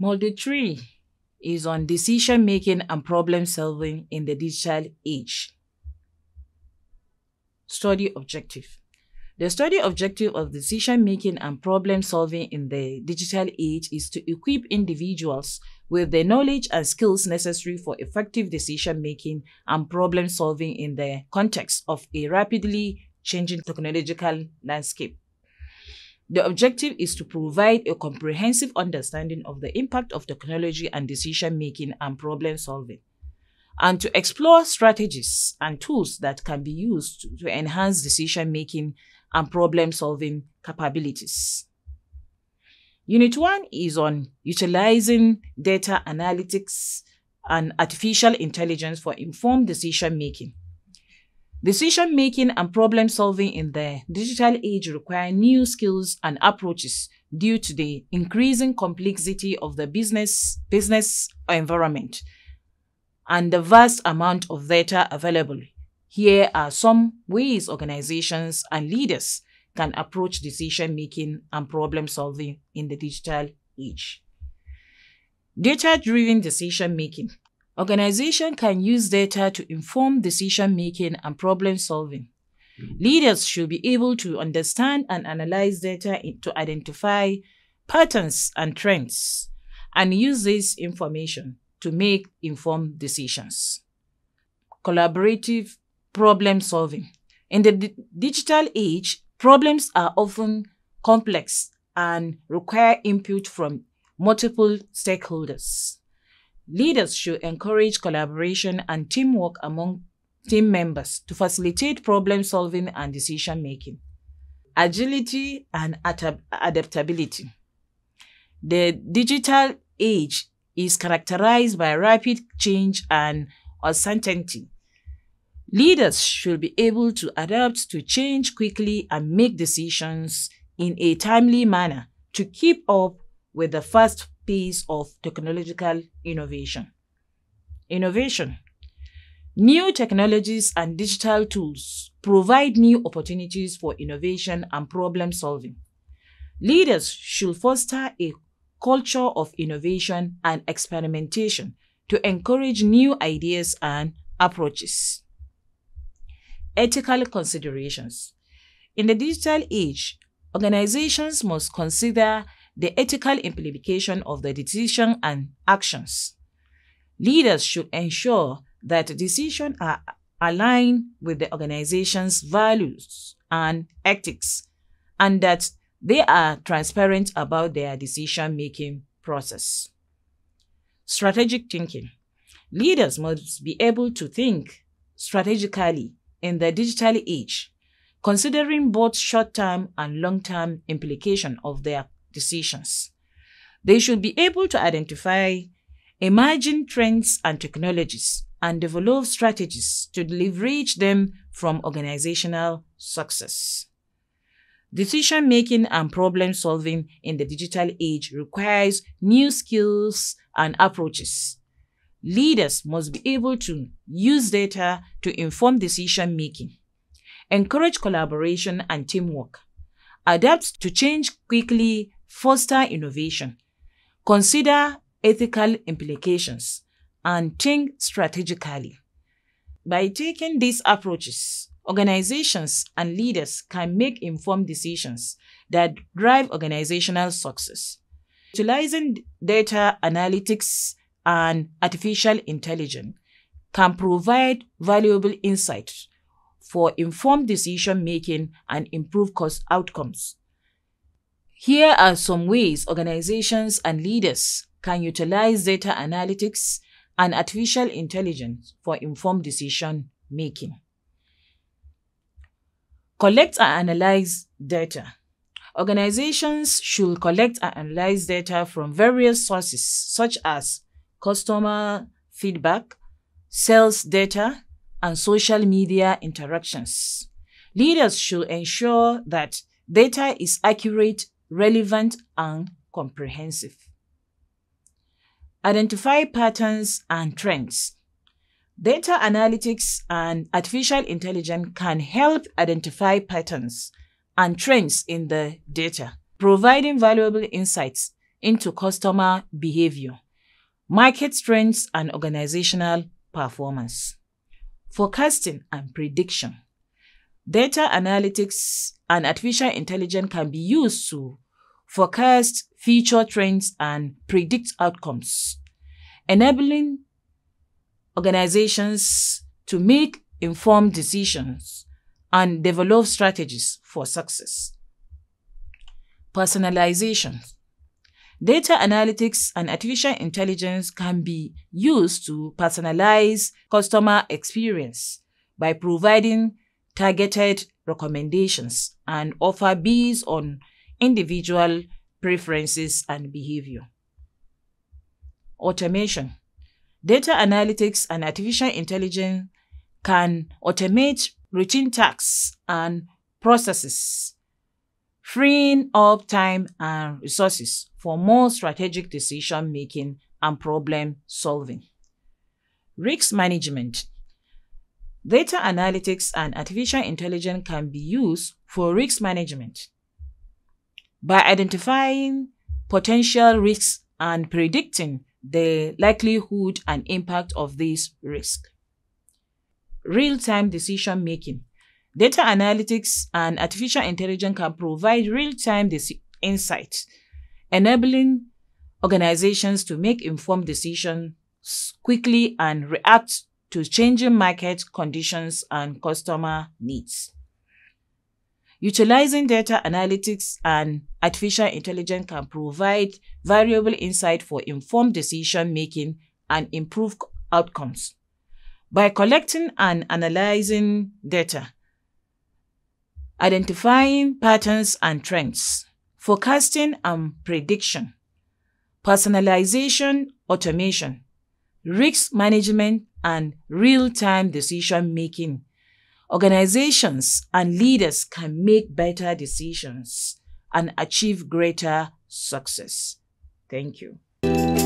Module 3 is on decision making and problem solving in the digital age. Study objective. The study objective of decision making and problem solving in the digital age is to equip individuals with the knowledge and skills necessary for effective decision making and problem solving in the context of a rapidly changing technological landscape. The objective is to provide a comprehensive understanding of the impact of technology and decision making and problem solving, and to explore strategies and tools that can be used to enhance decision making and problem solving capabilities. Unit 1 is on utilizing data analytics and artificial intelligence for informed decision making. Decision making and problem solving in the digital age require new skills and approaches due to the increasing complexity of the business, business environment and the vast amount of data available. Here are some ways organizations and leaders can approach decision making and problem solving in the digital age. Data driven decision making Organization can use data to inform decision-making and problem-solving. Leaders should be able to understand and analyze data to identify patterns and trends and use this information to make informed decisions. Collaborative problem solving. In the digital age, problems are often complex and require input from multiple stakeholders. Leaders should encourage collaboration and teamwork among team members to facilitate problem solving and decision making. Agility and adaptability. The digital age is characterized by rapid change and uncertainty. Leaders should be able to adapt to change quickly and make decisions in a timely manner to keep up with the fast piece of technological innovation. Innovation. New technologies and digital tools provide new opportunities for innovation and problem solving. Leaders should foster a culture of innovation and experimentation to encourage new ideas and approaches. Ethical considerations. In the digital age, organizations must consider the ethical implication of the decision and actions. Leaders should ensure that decisions are aligned with the organization's values and ethics and that they are transparent about their decision making process. Strategic thinking. Leaders must be able to think strategically in the digital age, considering both short term and long term implications of their decisions. They should be able to identify emerging trends and technologies and develop strategies to leverage them from organizational success. Decision making and problem solving in the digital age requires new skills and approaches. Leaders must be able to use data to inform decision making, encourage collaboration and teamwork, adapt to change quickly foster innovation, consider ethical implications, and think strategically. By taking these approaches, organizations and leaders can make informed decisions that drive organizational success. Utilizing data analytics and artificial intelligence can provide valuable insights for informed decision making and improve cost outcomes. Here are some ways organizations and leaders can utilize data analytics and artificial intelligence for informed decision making. Collect and analyze data. Organizations should collect and analyze data from various sources such as customer feedback, sales data, and social media interactions. Leaders should ensure that data is accurate relevant and comprehensive. Identify patterns and trends. Data analytics and artificial intelligence can help identify patterns and trends in the data, providing valuable insights into customer behavior, market trends, and organizational performance. Forecasting and prediction. Data analytics and artificial intelligence can be used to forecast future trends and predict outcomes, enabling organizations to make informed decisions and develop strategies for success. Personalization. Data analytics and artificial intelligence can be used to personalize customer experience by providing targeted recommendations and offer based on individual preferences and behavior. Automation. Data analytics and artificial intelligence can automate routine tasks and processes, freeing up time and resources for more strategic decision making and problem solving. Risk management. Data analytics and artificial intelligence can be used for risk management. By identifying potential risks and predicting the likelihood and impact of these risks. Real-time decision making. Data analytics and artificial intelligence can provide real-time insights, enabling organizations to make informed decisions quickly and react to changing market conditions and customer needs. Utilizing data analytics and artificial intelligence can provide valuable insight for informed decision making and improve outcomes. By collecting and analyzing data, identifying patterns and trends, forecasting and prediction, personalization, automation, risk management, and real-time decision-making, organizations and leaders can make better decisions and achieve greater success. Thank you.